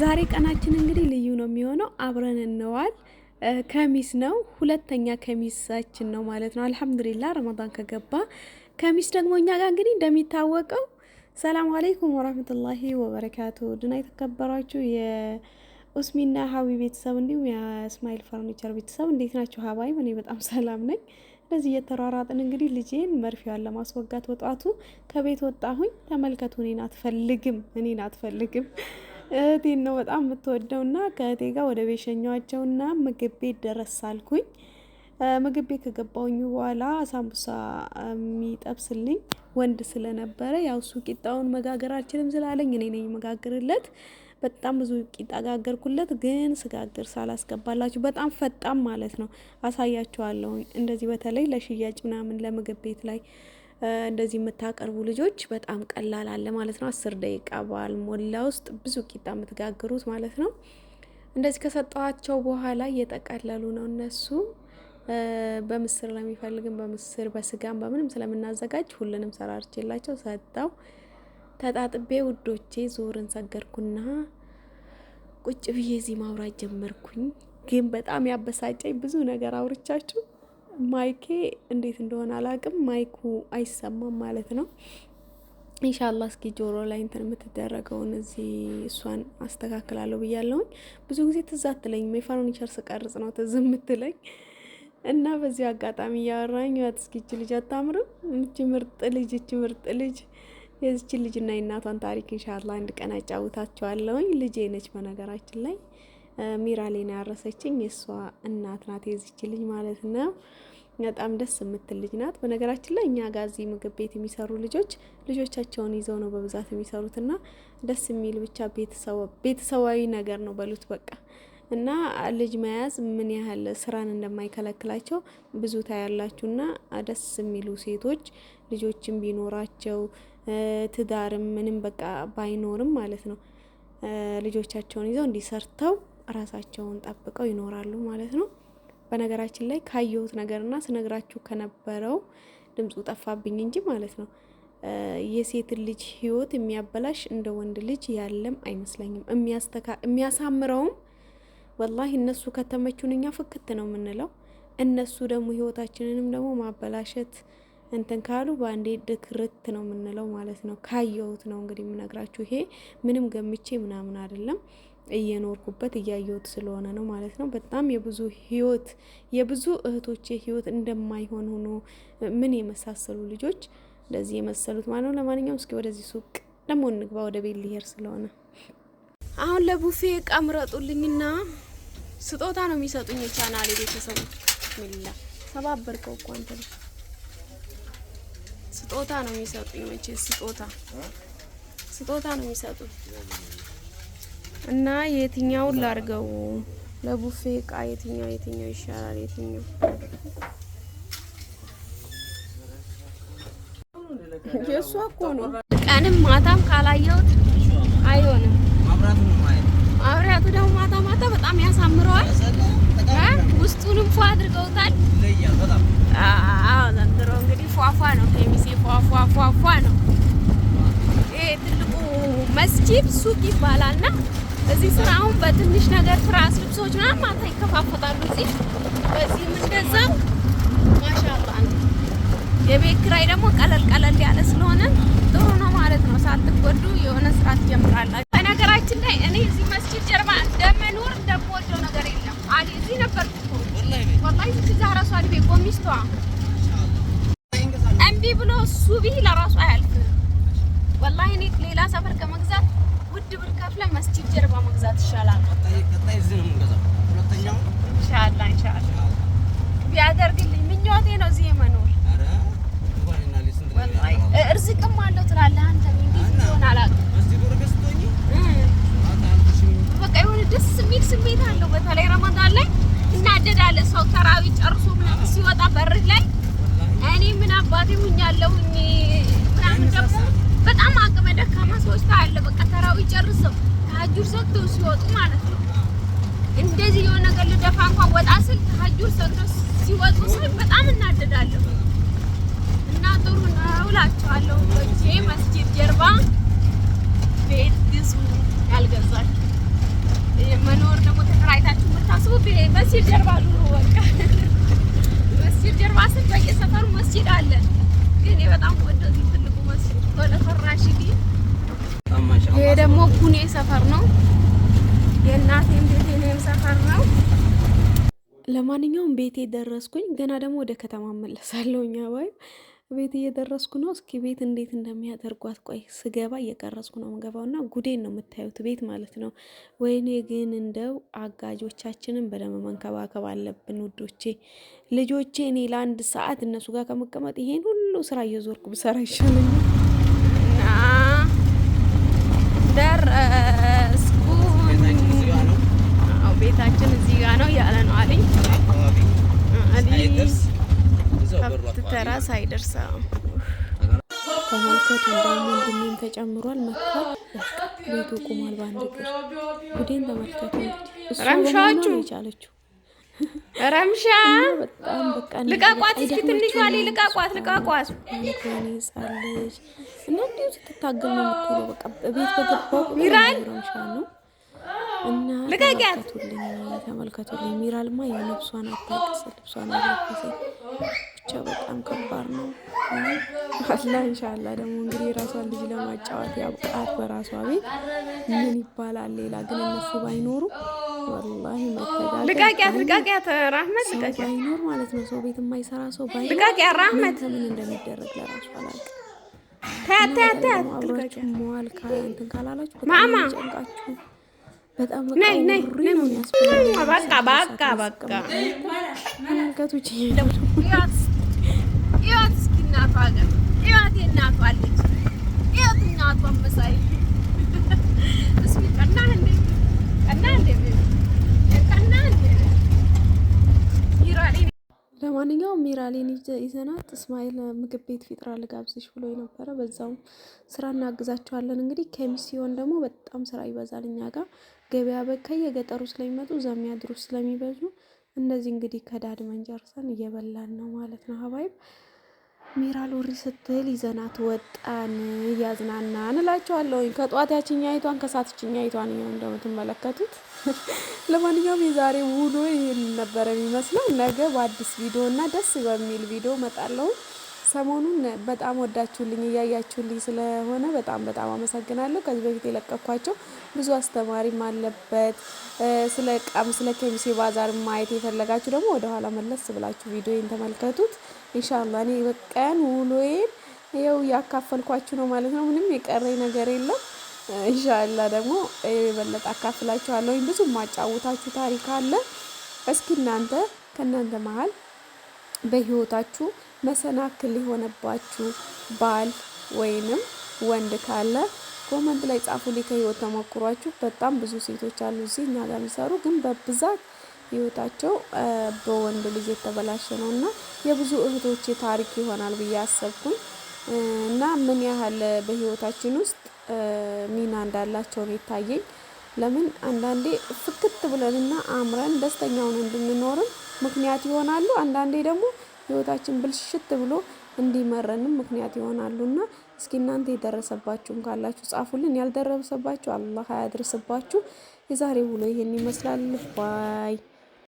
ዛሬ ቀናችን እንግዲህ ልዩ ነው የሚሆነው። አብረን እንዋል ከሚስ ነው ሁለተኛ ከሚሳችን ነው ማለት ነው። አልሐምዱሊላ ረመዳን ከገባ ከሚስ ደግሞ እኛ ጋር እንግዲህ እንደሚታወቀው ሰላም አለይኩም ወራህመቱላሂ ወበረካቱ ድና የተከበራችሁ የኡስሚና ሀዊ ቤተሰብ እንዲሁም የእስማኤል ፈርኒቸር ቤተሰብ እንዴት ናችሁ? ሀባይ እኔ በጣም ሰላም ነኝ። እንደዚህ እየተሯሯጥን እንግዲህ ልጄን መርፌዋን ለማስወጋት ወጣቱ ከቤት ወጣሁኝ። ተመልከቱ፣ እኔን አትፈልግም፣ እኔን አትፈልግም እህቴን ነው በጣም የምትወደውና ከእህቴ ጋር ወደ ቤት ሸኘኋቸውና ምግብ ቤት ደረሳልኩኝ። ምግብ ቤት ከገባውኝ በኋላ ሳምቡሳ የሚጠብስልኝ ወንድ ስለነበረ ያው እሱ ቂጣውን መጋገር አልችልም ስላለኝ እኔ ነኝ መጋግርለት። በጣም ብዙ ቂጣ ጋገርኩለት። ግን ስጋግር ሳላስገባላችሁ በጣም ፈጣን ማለት ነው። አሳያችኋለሁ እንደዚህ በተለይ ለሽያጭ ምናምን ለምግብ ቤት ላይ እንደዚህ የምታቀርቡ ልጆች በጣም ቀላል አለ ማለት ነው። አስር ደቂቃ ባልሞላ ውስጥ ብዙ ቂጣ የምትጋግሩት ማለት ነው። እንደዚህ ከሰጠኋቸው በኋላ እየጠቀለሉ ነው እነሱ በምስር ለሚፈልግም በምስር በስጋም በምንም ስለምናዘጋጅ ሁሉንም ሰራርቼላቸው ሰጠው። ተጣጥቤ ውዶቼ ዞርን ሰገርኩና ቁጭ ብዬ እዚህ ማውራት ጀመርኩኝ። ግን በጣም ያበሳጨኝ ብዙ ነገር አውርቻችሁ ማይኬ እንዴት እንደሆነ አላቅም። ማይኩ አይሰማም ማለት ነው። ኢንሻላ እስኪ ጆሮ ላይ እንትን የምትደረገውን እዚህ እሷን አስተካክላለሁ ብያለሁኝ። ብዙ ጊዜ ትዝ አትለኝም፣ የፈርኒቸር ስቀርጽ ነው ትዝ የምትለኝ እና በዚህ አጋጣሚ እያወራኝ ያት እስኪች ልጅ አታምርም? እች ምርጥ ልጅ እች ምርጥ ልጅ የዚችን ልጅና የእናቷን ታሪክ ኢንሻላ አንድ ቀን አጫውታቸዋለሁኝ። ልጄ ነች በነገራችን ላይ ሚራሌን ያረሰችኝ የእሷ እናት ናት የዚች ልጅ ማለት ነው። በጣም ደስ የምትል ልጅ ናት። በነገራችን ላይ እኛ ጋዚ ምግብ ቤት የሚሰሩ ልጆች ልጆቻቸውን ይዘው ነው በብዛት የሚሰሩትና ደስ የሚል ብቻ ቤተሰባዊ ነገር ነው በሉት በቃ እና ልጅ መያዝ ምን ያህል ስራን እንደማይከለክላቸው ብዙ ታያላችሁና ደስ የሚሉ ሴቶች ልጆችን ቢኖራቸው ትዳርም ምንም በቃ ባይኖርም ማለት ነው ልጆቻቸውን ይዘው እንዲሰርተው ራሳቸውን ጠብቀው ይኖራሉ ማለት ነው። በነገራችን ላይ ካየሁት ነገርና ስነግራችሁ ከነበረው ድምፁ ጠፋብኝ እንጂ ማለት ነው የሴትን ልጅ ህይወት የሚያበላሽ እንደ ወንድ ልጅ ያለም አይመስለኝም። የሚያሳምረውም ወላሂ እነሱ ከተመቹን እኛ ፍክት ነው የምንለው። እነሱ ደግሞ ህይወታችንንም ደግሞ ማበላሸት እንትን ካሉ በአንዴ ድክርት ነው የምንለው ማለት ነው። ካየሁት ነው እንግዲህ የምነግራችሁ። ይሄ ምንም ገምቼ ምናምን አይደለም። እየኖርኩበት እያየሁት ስለሆነ ነው ማለት ነው። በጣም የብዙ ህይወት የብዙ እህቶች ህይወት እንደማይሆን ሆኖ ምን የመሳሰሉ ልጆች እንደዚህ የመሰሉት ማለት ነው። ለማንኛውም እስኪ ወደዚህ ሱቅ ደግሞ እንግባ፣ ወደ ቤት ልሄድ ስለሆነ አሁን ለቡፌ እቃ ምረጡልኝና ስጦታ ነው የሚሰጡኝ የቻናል ቤተሰቡ ሚላ ሰባበርከው እኮ አንተ ስጦታ ነው የሚሰጡኝ መቼ ስጦታ ስጦታ ነው የሚሰጡኝ እና የትኛውን ላርገው? ለቡፌ እቃ የትኛው የትኛው ይሻላል? የትኛው የእሷ እኮ ነው። ቀንም ማታም ካላየሁት አይሆንም። አብሪያቱ ደግሞ ማታ ማታ በጣም ያሳምረዋል። ውስጡንም ፏ አድርገውታል። ዘንድሮ እንግዲህ ፏፏ ነው ከሚሴ ፏፏፏፏ ነው። ይሄ ትልቁ መስጂድ ሱቅ ና እዚህ ስራ አሁን በትንሽ ነገር ትራስ፣ ልብሶች ምናምን ማታ ይከፋፈታሉ። እዚህ በዚህም እንደዛው ማሻአላ ነው። የቤት ኪራይ ደግሞ ቀለል ቀለል ያለ ስለሆነ ጥሩ ነው ማለት ነው። ሳትጎዱ የሆነ ስራ ትጀምራላችሁ። በነገራችን ላይ እኔ እዚህ መስጂድ ጀርባ እንደምኖር እንደምወደው ነገር የለም። አሊ እዚህ ነበርኩ ወላሂ እዚህ ዛራሱ አሊ ቤት ጎሚስቷ እምቢ ብሎ ሱቢ ለራሱ አያልፍም። ወላሂ እኔ ሌላ ሰፈር ከመግዛት ውድ ብር ከፍለን መስጂድ ጀርባ መግዛት ይሻላል። እዚህ ነው የምንገዛው። ሁለተኛው እንሻላ እንሻላ ቢያደርግልኝ ምኞቴ ነው እዚህ የመኖር እርዝቅም አለው ትላለህ አንተ። እንዴት እንደሆነ አላውቅም። በቃ የሆነ ደስ የሚል ስሜት አለው። በተለይ ረመዳን ላይ እናደዳለ ሰው ተራዊ ጨርሶ ምናምን ሲወጣ በር ላይ እኔ ምን አባቴ ሁኛለሁ ምናምን ደግሞ ሰው ይጨርሰው ታጁር ሰጥቶ ሲወጡ ማለት ነው። እንደዚህ የሆነ ነገር ልደፋ እንኳን ወጣ ስል ታጁር ሰጥቶ ሲወጡ ሳይ በጣም እናደዳለሁ። እና ጥሩ ነው እላቸዋለሁ። ወጄ መስጊድ ጀርባ ቤት ግዙ ያልገዛል መኖር ደግሞ ተከራይታችሁ የምታስቡ መስጊድ ጀርባ ኑሮ በቃ መስጊድ ጀርባ ስል በየሰፈሩ መስጊድ አለ። ግን በጣም ወደዚህ ትልቁ መስጊድ ወደ ፈራሽ ይሄ ደግሞ ጉኔ ሰፈር ነው። የእናቴም ሰፈር ነው። ለማንኛውም ቤቴ ደረስኩኝ። ገና ደግሞ ወደ ከተማ መለሳለሁ። እኛ ቤት እየደረስኩ ነው። እስኪ ቤት እንዴት እንደሚያደርጓት ቆይ ስገባ እየቀረጽኩ ነው ምገባው እና ጉዴን ነው የምታዩት ቤት ማለት ነው። ወይኔ ግን እንደው አጋጆቻችንን በደንብ መንከባከብ አለብን ውዶቼ። ልጆቼ እኔ ለአንድ ሰዓት እነሱ ጋር ከመቀመጥ ይሄን ሁሉ ስራ እየዞርኩ ብሰራ ይሻለኛል። ደረስኩ። ቤታችን እዚህ ጋ ነው እያለ ነው አለኝ። ከብት ተራ ሳይደርስ ተመልከቱ። እንዳሁም ወንድሜም ተጨምሯል። መካ ቤቱ ቁሟል። በአንድ ቅር ጉዴን ተመልከቱ። እሱ በመሆኑ ነው የቻለችው ረምሻ ልቃቋት፣ እስኪ ትንሽ ዋሌ ልቃቋት፣ ልቃቋት ሚራልማ የነብሷን አታቅስ ልብሷን አለፈሰ። ብቻ በጣም ከባድ ነው። አላ እንሻላ ደግሞ እንግዲህ የራሷን ልጅ ለማጫወት ያብቃት በራሷ ቤት። ምን ይባላል ሌላ ግን እነሱ ባይኖሩ ወላሂ ልቃቂያት ልቃቂያት ራህመት ልቃቂያት ባይኖር ማለት ነው ሰው ቤት የማይሰራ ሰው ባይኖር ልቃቂያት ራህመት ምን እንደሚደረግ ለራሱ አላውቅም። ታያት ታያት ታያት ልቃቂያት መዋል እንትን ካላላችሁ ማማ ጨንቃችሁ በጣም ነይ ነይ ነይ በቃ በቃ በቃ እናቷ መሳይ ለማንኛውም ሚራሌን ይዘናት እስማኤል ምግብ ቤት ፊጥራ ልጋብዝሽ ብሎ የነበረ በዛውም ስራ እናግዛቸዋለን። እንግዲህ ኬሚስ ሲሆን ደግሞ በጣም ስራ ይበዛል እኛ ጋር ገበያ በካይ የገጠሩ ስለሚመጡ እዛ የሚያድሩ ስለሚበዙ እንደዚህ እንግዲህ ከዳድ መንጀርሰን እየበላን ነው ማለት ነው ሀባይብ ሚራ ሎሪ ስትል ይዘናት ወጣን። እያዝናና እንላቸዋለሁ። ከጠዋት ከሳትችኛ ከሳትችኛይቷን ይኸው እንደምትመለከቱት። ለማንኛውም የዛሬ ውሎ ይህን ነበረ የሚመስለው። ነገ በአዲስ ቪዲዮ እና ደስ በሚል ቪዲዮ መጣለሁ። ሰሞኑን በጣም ወዳችሁልኝ እያያችሁልኝ ስለሆነ በጣም በጣም አመሰግናለሁ። ከዚህ በፊት የለቀኳቸው ብዙ አስተማሪም አለበት ስለ ቀም ስለ ኬሚሴ ባዛር ማየት የፈለጋችሁ ደግሞ ወደኋላ መለስ ብላችሁ ቪዲዮን ተመልከቱት። ኢንሻአላህ እኔ በቀን ውሎዬን ያው እያካፈልኳችሁ ነው ማለት ነው። ምንም የቀረኝ ነገር የለም። ኢንሻአላህ ደግሞ የበለጠ አካፍላችኋለሁ። ብዙ ማጫወታችሁ ታሪክ አለ። እስኪ እናንተ ከእናንተ መሀል በህይወታችሁ መሰናክል የሆነባችሁ ባል ወይንም ወንድ ካለ ኮመንት ላይ ጻፉልኝ። ከህይወት ተሞክሯችሁ በጣም ብዙ ሴቶች አሉ እዚህ እኛ ጋር የሚሰሩ ግን በብዛት ህይወታቸው በወንድ ልጅ የተበላሸ ነው እና የብዙ እህቶች ታሪክ ይሆናል ብዬ አሰብኩኝ እና ምን ያህል በህይወታችን ውስጥ ሚና እንዳላቸው ነው ይታየኝ። ለምን አንዳንዴ ፍክት ብለንና አምረን ደስተኛውን እንድንኖርም ምክንያት ይሆናሉ። አንዳንዴ ደግሞ ህይወታችን ብልሽት ብሎ እንዲመረንም ምክንያት ይሆናሉ እና እስኪ እናንተ የደረሰባችሁም ካላችሁ ጻፉልን። ያልደረሰባችሁ አላህ አያድርስባችሁ። የዛሬ ውሎ ይሄን ይመስላል ባይ